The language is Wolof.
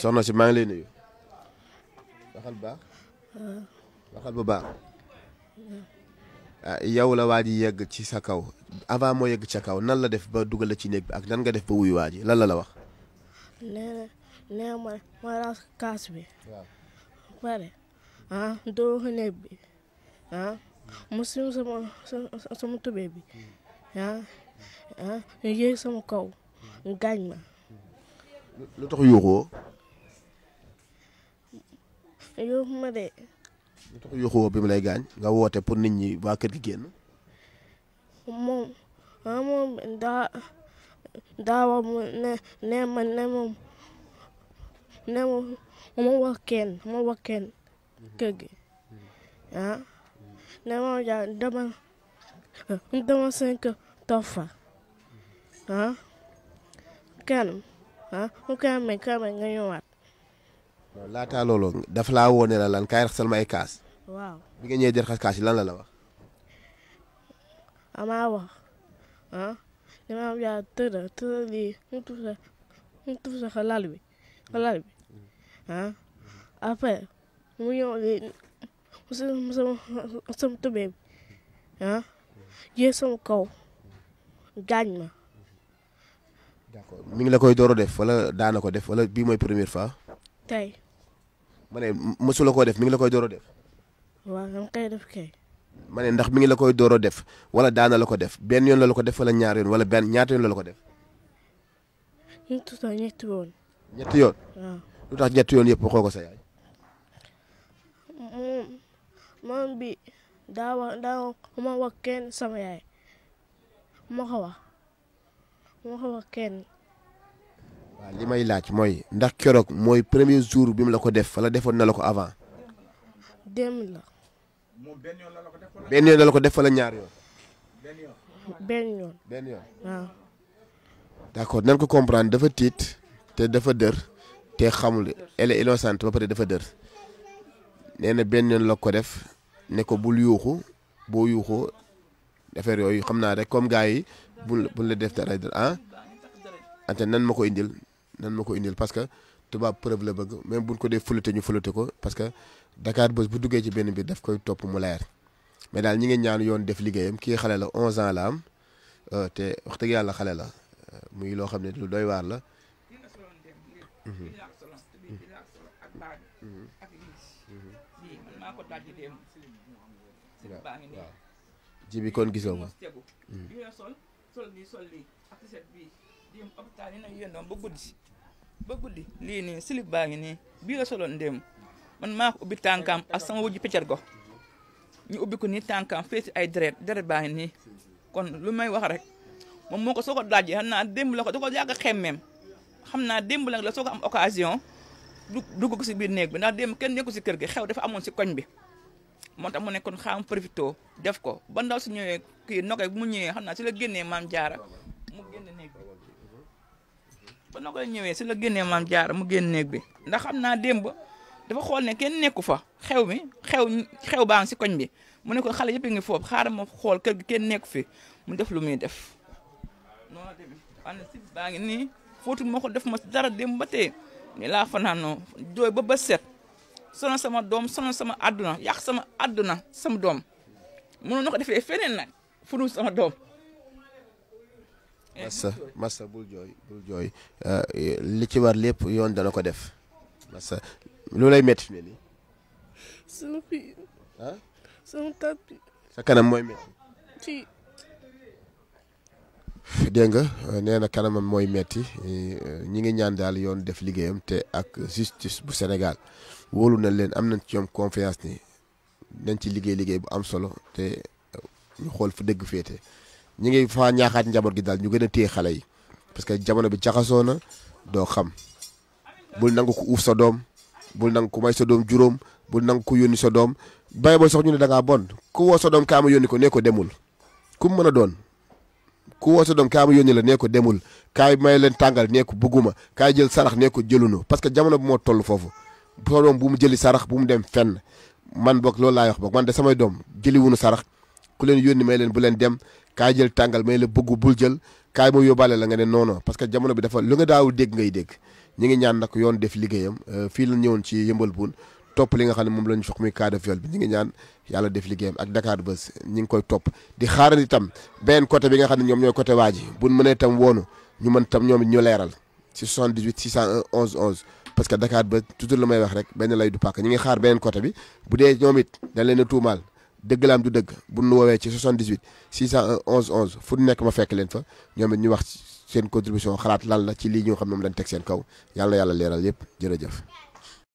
soxna si maa ngi lay nuyu. waxal bu baax. waxal bu baax. Ah, yow la waa ji yegg ci sa kaw avant moo yegg ca kaw nan la def ba dugal la ci néeg bi ak nan nga def ba wuyu waa ji lan la la wax. nee na nee ma ma raxas kaas bi. waaw pare ah, doo néeg bi ah, mu sim sama sama tubéy bi ah ah kaw gaañ ma. lu tax yuuxoo. yuuxu ma de. lu tax yuuxoo bi mu lay gaañ nga woote pour nit ñi waa kër gi génn. moom ah moom daa daawa mu ne ne ma ne moom ne moom ma wax kenn ma wax kenn kër gi ah ne moom jaa dama dama seen kër toog fa ah kenn. ah mu kaame kaame nga ñëwaat. laataa loolu dafa laa woone la lan kaay raxasal ma ay bi nga ñëwee di lan la la wax. amaa wax mu tuuf sa bi xa lal kaw gaañ ma. d'accord mi ngi la koy door a def wala daana ko def wala bii mooy première fois. tey. ma ne mësu la koo def mi ngi la koy door a def. waaw dama koy def kay. ma ne ndax mi ngi la koy door a def wala daana la ko def benn yoon la la ko def wala ñaar yoon wala benn ñaata yoon la la ko def. ñetti yoon. ñetti yoon. waaw lu tax ñetti yoon yëpp waxoo ko sa yaay. moom bi daa wax daa ma wax kenn sama yaay ma ko wax. moo ko li may laaj mooy ndax keroog mooy premier jour bi mu la ko def wala defoon na la ko avant. démb la. la ko def wala ñaar yoon. benn yoon benn yoon. d'accord nan ko comprendre dafa tiit te dafa dër te xamul elle est innocente ba pare dafa dër nee na benn yoon la ko def ne ko bul yuuxu boo yuuxoo defer yooyu xam naa rek comme gars yi bul bul la def dara ah ante nan mako indil nan mako indil parce que tubaab preuve la bëgg même buñ ko dee fulate ñu fulate ko parce que Dakar Buzz bu duggé ci benn bi daf koy top mu leer mais dal ñi ngi ñaan yoon def liggéeyam ki xalé la 11 ans la am té wax dëgg yalla xalé la muy lo xamné lu doy war la. ji bi kon gisoo ma. sol nii sol lii ak set bii démb ba guddi lii nii silib baa ngi nii bii la soloon démb man maa ko ubbi tànkaam ak sama wujju peccar go ñu ubbi ko nii tànkaam féeti ay deret deret baa ngi nii kon lu may wax rek moom moo ko soo ko laajee xam naa démb la ko da ko yàgg a xemmeem xam naa démb la la soo ko am occasion dugg ko si biir néeg bi naa dem kenn nekku si kër gi xew dafa amoon si koñ bi moo tax mu nekkoon xaam profito def ko ba si ñëwee kii nogay mu ñëwee xam naa si la génnee maam jaara mu génn néeg bi ba nogay ñëwee si la génnee maam jaara mu génn bi ndax xam naa démb dafa xool ne kenn nekku fa xew mi xew xew baa ngi si koñ bi mu ne ko xale yëpp ngi foofu xaaral ma xool kër kenn nekku fi mu def lu muy def noonu tamit xam ne ngi nii fóotul ko def ma dara démb ba tey mi laa fanaanoo jooy ba ba set sonal sama doom sonal sama àdduna yàq sama àdduna sama doom mënoon na ko defee feneen nag fu dul sama doom. Eh. massa massa bul jooy bul eh, li ci war lépp yoon dana ko def massa loolu lay métti fi ne nii. sama biir. sa kanam mooy metti dégg nga nee na kanamam mooy metti ñi ngi ñaan daal yoon def liggéeyam te ak justice bu Sénégal wóolu na leen am nañ ci ñoom confiance ni nañ ci liggéey liggéey bu am solo te ñu xool fu dëgg féete ñu ngi faa ñaaxaat njaboot gi daal ñu gën a téye xale yi parce que jamono bi jaxasoo na doo xam bul nangu ko uuf sa doom bul nangu ku may sa doom juróom bul nangu ku yónni sa doom bay ba sax ñu ne da ngaa bon ku woo sa doom kaa ma yónni ko ne ko demul ku mën a doon ku woo sa doom kaay ma yónni la nee ko demul kaay may leen tàngal nee bëgguma kaa jël sarax nee ko jëlunu parce que jamono bi moo tollu foofu sa doom bu mu jëli sarax bu mu dem fenn man boog loolu laay wax boog man de samay doom jëli wunu sarax ku leen yónni may leen bu leen dem kaay jël tàngal may la bëggu bul jël kaa ma yóbbaale la nga ne non non parce que jamono bi dafa lu nga daawul dégg ngay dégg ñu ngi ñaan nag yoon def liggéeyam euh, fii la ñëwoon ci yëmbal buun topp li nga xam ne moom la ñu sox muy cas de viol bi ñu ngi ñaan yàlla def liggéeyam ak Dakar Buzz ñi ngi koy topp di xaaral itam beneen côté bi nga xam ne ñoom ñooy côté waa ji buñ mënee tam woonu ñu ma tam ñoom ñu leeral ci 78 601 11 11 parce que Dakar Buzz may wax rek benn lay du pàkk ngi xaar beneen côté bi bu dee ñoom it dañ leen a tuumaal dëgg laam du dëgg bu nu woowee ci 78 601 11 11 fu nekk ma fekk leen fa ñoom it ñu wax seen contribution xalaat lan la ci lii ñoo xam ne moom lañ teg seen kaw yàlla yàlla leeral yëpp jërëjëf